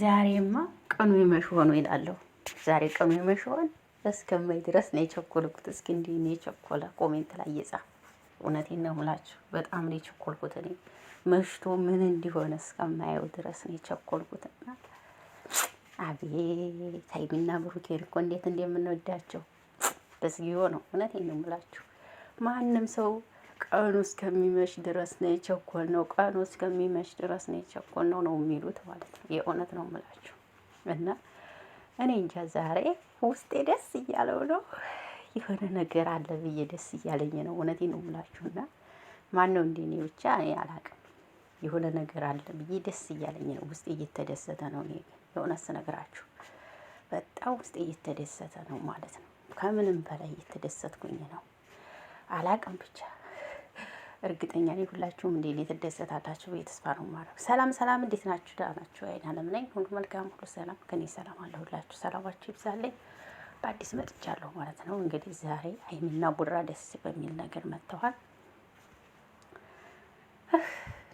ዛሬማ ቀኑ ይመሽ ሆኖ ይላለሁ። ዛሬ ቀኑ ይመሽ ሆኖ እስከማይ ድረስ ነው የቸኮልኩት። እስኪ እንዲህ ነው የቸኮለ ኮሜንት ላይ ይጻፍ። እውነቴን ነው የምላችሁ፣ በጣም ነው የቸኮልኩት። እኔ መሽቶ ምን እንዲሆነ እስከማየው ድረስ ነው የቸኮልኩት። እና አቤት ሀይሚና ብሩኬን እኮ እንዴት እንደምንወዳቸው በስጊዮ ነው። እውነቴን ነው የምላችሁ ማንም ሰው ቀኑ እስከሚመሽ ድረስ ነው የቸኮል ነው፣ ቀኑ እስከሚመሽ ድረስ ነው የቸኮል ነው ነው የሚሉት ማለት ነው። የእውነት ነው የምላችሁ እና እኔ እንጃ ዛሬ ውስጤ ደስ እያለው ነው። የሆነ ነገር አለ ብዬ ደስ እያለኝ ነው። እውነቴ ነው የምላችሁ እና ማን ነው እንደ እኔ ብቻ እኔ አላቅም። የሆነ ነገር አለ ብዬ ደስ እያለኝ ነው። ውስጤ እየተደሰተ ነው። የእውነት ስነግራችሁ በጣም ውስጤ እየተደሰተ ነው ማለት ነው። ከምንም በላይ እየተደሰትኩኝ ነው። አላቅም ብቻ እርግጠኛ ነኝ ሁላችሁም እንዴ የተደሰታላችሁ የተስፋ ነው ማድረግ። ሰላም ሰላም፣ እንዴት ናችሁ? ደህና ናችሁ? አይን አለም ነኝ። ሁሉ መልካም፣ ሁሉ ሰላም፣ ከኔ ሰላም አለ። ሁላችሁ ሰላማችሁ ይብዛልኝ። በአዲስ መጥቻለሁ ማለት ነው። እንግዲህ ዛሬ ሀይሚና ቡራ ደስ በሚል ነገር መጥተዋል።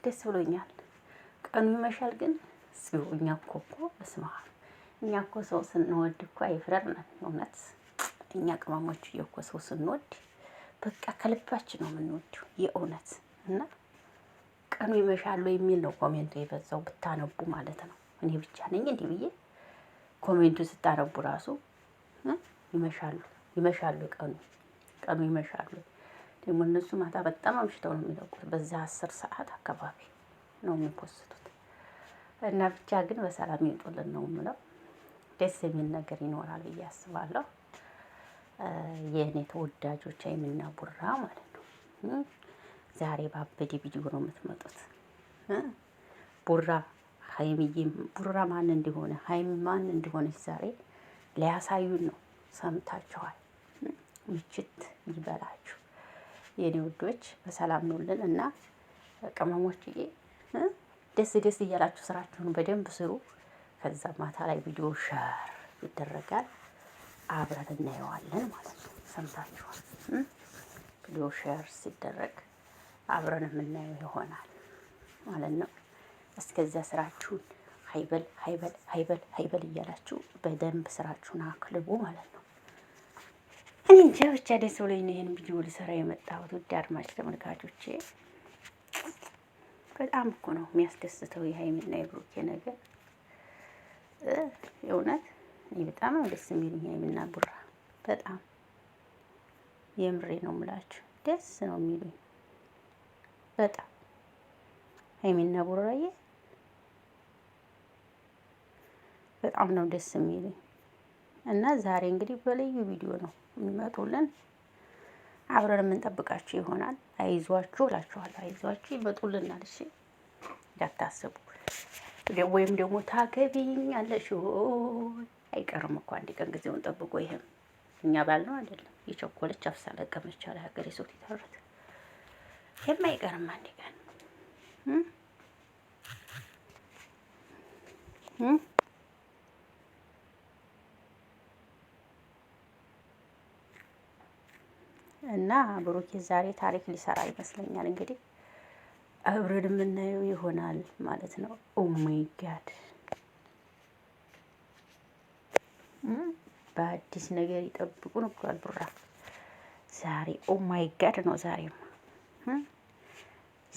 ደስ ብሎኛል። ቀኑ ይመሻል ግን ስዩ እኛ እኮ እኮ በስማ እኛ እኮ ሰው ስንወድ እኮ አይፍረር ነን። እውነት እኛ ቅመሞች እኮ ሰው ስንወድ በቃ ከልባችን ነው የምንወደው የእውነት እና ቀኑ ይመሻሉ የሚል ነው ኮሜንቱ የበዛው ብታነቡ ማለት ነው። እኔ ብቻ ነኝ እንዲህ ብዬ ኮሜንቱ ስታነቡ ራሱ ይመሻሉ ይመሻሉ ቀኑ ቀኑ ይመሻሉ። ደግሞ እነሱ ማታ በጣም አምሽተው ነው የሚለቁት። በዛ አስር ሰዓት አካባቢ ነው የሚፖስቱት እና ብቻ ግን በሰላም ይውጡልን ነው የምለው። ደስ የሚል ነገር ይኖራል ብዬ አስባለሁ። የእኔ ተወዳጆች አይምና ቡራ ማለት ነው። ዛሬ ባበደ ቪዲዮ ነው የምትመጡት። ቡራ ሀይሚዬ ቡራ ማን እንደሆነ ሀይሚ ማን እንደሆነች ዛሬ ሊያሳዩን ነው። ሰምታችኋል። ምችት ይበላችሁ የኔ ውዶች፣ በሰላም ኑልን እና ቅመሞችዬ ደስ ደስ እያላችሁ ስራችሁን በደንብ ስሩ። ከዛ ማታ ላይ ቪዲዮ ሸር ይደረጋል። አብረን እናየዋለን ማለት ነው። ሰምታችኋል። ቪዲዮ ሼር ሲደረግ አብረን የምናየው ይሆናል ማለት ነው። እስከዚያ ስራችሁን ሀይበል ሀይበል ሀይበል ሀይበል እያላችሁ በደንብ ስራችሁን አክልቡ ማለት ነው። እኔ እንጃ ብቻ ደስ ብሎኝ ነው ይህን ቪዲዮ ልሰራ የመጣሁት። ውድ አድማጭ ተመልካቾቼ በጣም እኮ ነው የሚያስደስተው የሀይሚና የብሩኬ ነገር የእውነት እኔ በጣም ነው ደስ የሚሉኝ ሀይሚና ቡራ በጣም የምሬ ነው የምላችሁ ደስ ነው የሚሉኝ በጣም ሀይሚና ቡራዬ በጣም ነው ደስ የሚሉኝ እና ዛሬ እንግዲህ በልዩ ቪዲዮ ነው የሚመጡልን። አብረን የምንጠብቃችሁ ይሆናል። አይዟችሁ እላችኋለሁ። አይዟችሁ ይመጡልናል። እሺ እንዳታስቡ። ወይም ደግሞ ታገቢኛለሽ አይቀርም እኮ አንድ ቀን ጊዜውን ጠብቆ ይሄም እኛ ነው አይደለም። የቸኮለች አፍሳ ለቀመች አለ ሀገሬ ሰው ይተረት። ይሄም አይቀርም አንድ ቀን እና ብሩኬ ዛሬ ታሪክ ሊሰራ ይመስለኛል። እንግዲህ አብረን የምናየው ይሆናል ማለት ነው። ኦ ማይ ጋድ በአዲስ ነገር ይጠብቁን ብሏል ቡራ። ዛሬ ኦ ማይ ጋድ ነው። ዛሬማ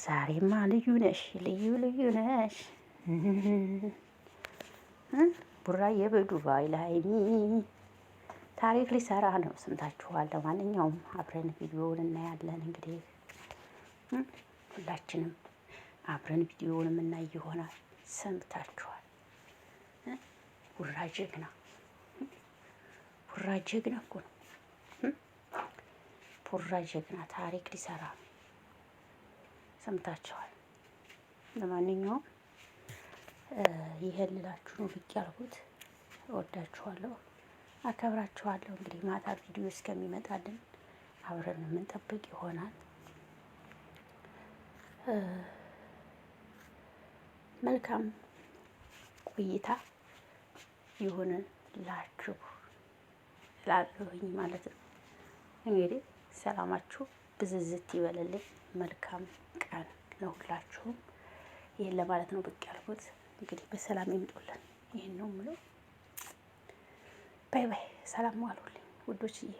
ዛሬማ ልዩ ነሽ፣ ልዩ ልዩ ነሽ ቡራ በዱባይ ላይ ታሪክ ሊሰራ ነው። ሰምታችኋል። ለማንኛውም አብረን ቪዲዮውን እናያለን። እንግዲህ ሁላችንም አብረን ቪዲዮውን የምናይ ይሆናል። ሰምታችኋል። ቡራ ጀግና ፑራ ጀግና እኮ ነው። ፑራ ጀግና ታሪክ ሊሰራ ነው። ሰምታችኋል። ለማንኛውም ይሄን ልላችሁ ነው ብቅ ያልኩት። እወዳችኋለሁ፣ አከብራችኋለሁ። እንግዲህ ማታ ቪዲዮ እስከሚመጣልን አብረን የምንጠብቅ ይሆናል። መልካም ቆይታ ይሁንላችሁ። እላለሁኝ ማለት ነው። እንግዲህ ሰላማችሁ ብዝዝት ይበልልኝ። መልካም ቀን ለሁላችሁም። ይህን ለማለት ነው ብቅ ያልኩት። እንግዲህ በሰላም ይምጡልን። ይህን ነው ምለው። ባይ ባይ። ሰላም ዋሉልኝ ውዶችዬ።